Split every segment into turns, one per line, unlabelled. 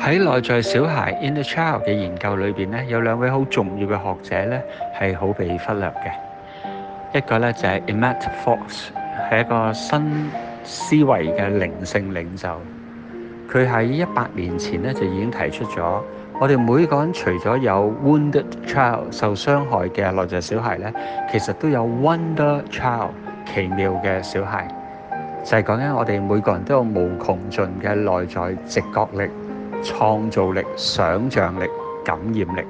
喺內在小孩 （inner child） 嘅研究裏邊咧，有兩位好重要嘅學者咧，係好被忽略嘅。一個咧就係 Emmet Fox，係一個新思維嘅靈性領袖。佢喺一百年前咧就已經提出咗，我哋每個人除咗有 wounded child 受傷害嘅內在小孩咧，其實都有 wonder child 奇妙嘅小孩，就係講緊我哋每個人都有無窮盡嘅內在直覺力。創造力、想像力、感染力。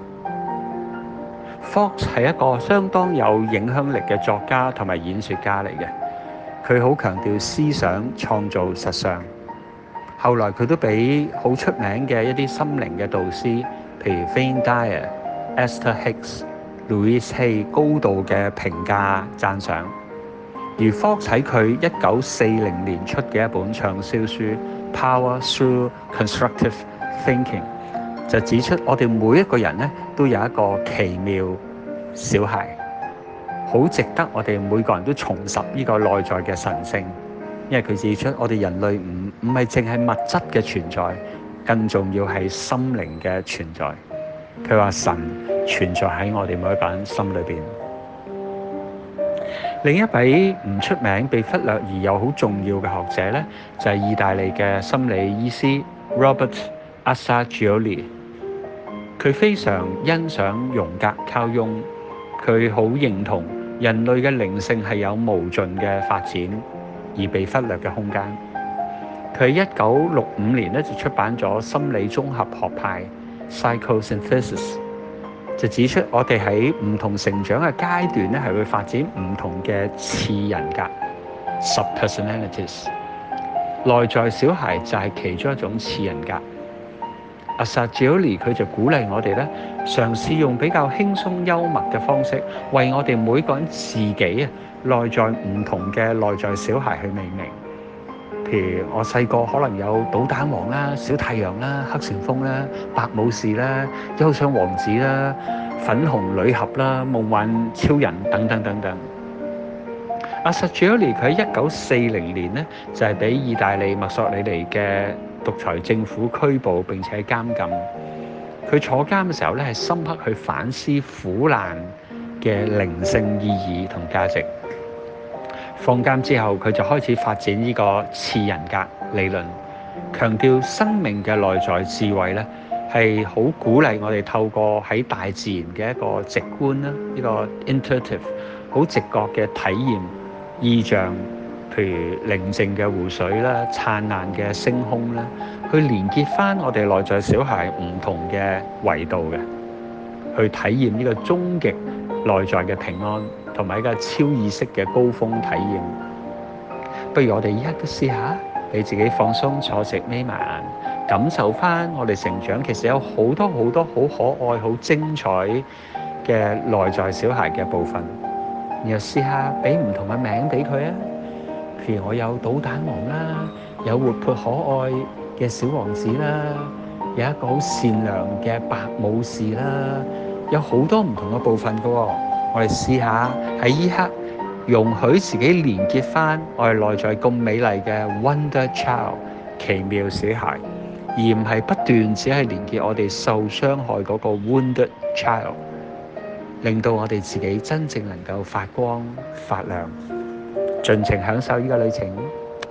Fox 係一個相當有影響力嘅作家同埋演說家嚟嘅，佢好強調思想創造實相。後來佢都俾好出名嘅一啲心靈嘅導師，譬如 Wayne Dyer、Esther Hicks、Louise Hay 高度嘅評價讚賞。而 Fox 喺佢一九四零年出嘅一本暢銷書《Power Through Constructive》thinking 就指出，我哋每一個人咧都有一個奇妙小孩，好值得我哋每個人都重拾呢個內在嘅神聖。因為佢指出，我哋人類唔唔係淨係物質嘅存在，更重要係心靈嘅存在。佢話神存在喺我哋每一個人心裏邊。另一位唔出名、被忽略而又好重要嘅學者咧，就係意大利嘅心理醫師 Robert。阿 Assagioli，佢非常欣賞容格、靠庸，佢好認同人類嘅靈性係有無盡嘅發展而被忽略嘅空間。佢一九六五年咧就出版咗《心理綜合學派》（Psychosynthesis），就指出我哋喺唔同成長嘅階段咧係會發展唔同嘅次人格 （Subpersonalities）。Sub 內在小孩就係其中一種次人格。阿薩朱奧尼佢就鼓勵我哋咧，嘗試用比較輕鬆幽默嘅方式，為我哋每個人自己啊，內在唔同嘅內在小孩去命名。譬如我細個可能有搗蛋王啦、小太陽啦、黑旋風啦、白武士啦、憂傷王子啦、粉紅女俠啦、夢幻超人等等等等。阿薩朱奧尼佢喺一九四零年咧，就係俾意大利墨索里尼嘅獨裁政府拘捕並且監禁，佢坐監嘅時候咧係深刻去反思苦難嘅靈性意義同價值。放監之後，佢就開始發展呢個次人格理論，強調生命嘅內在智慧咧係好鼓勵我哋透過喺大自然嘅一個直觀啦，呢個 intuitive 好直覺嘅體驗意象。譬如寧靜嘅湖水啦，燦爛嘅星空啦，去連結翻我哋內在小孩唔同嘅維度嘅，去體驗呢個終極內在嘅平安同埋一個超意識嘅高峰體驗。不如我哋依家都試下俾自己放鬆，坐直，眯埋眼，感受翻我哋成長。其實有好多好多好可愛、好精彩嘅內在小孩嘅部分。然後試下俾唔同嘅名俾佢啊！譬如我有搗蛋王啦，有活潑可愛嘅小王子啦，有一個好善良嘅白武士啦，有好多唔同嘅部分嘅，哦。我哋試下喺依刻容許自己連結翻我哋內在咁美麗嘅 Wonder Child 奇妙小孩，而唔係不斷只係連結我哋受傷害嗰個 Wounded Child，令到我哋自己真正能夠發光發亮。盡情享受呢個旅程。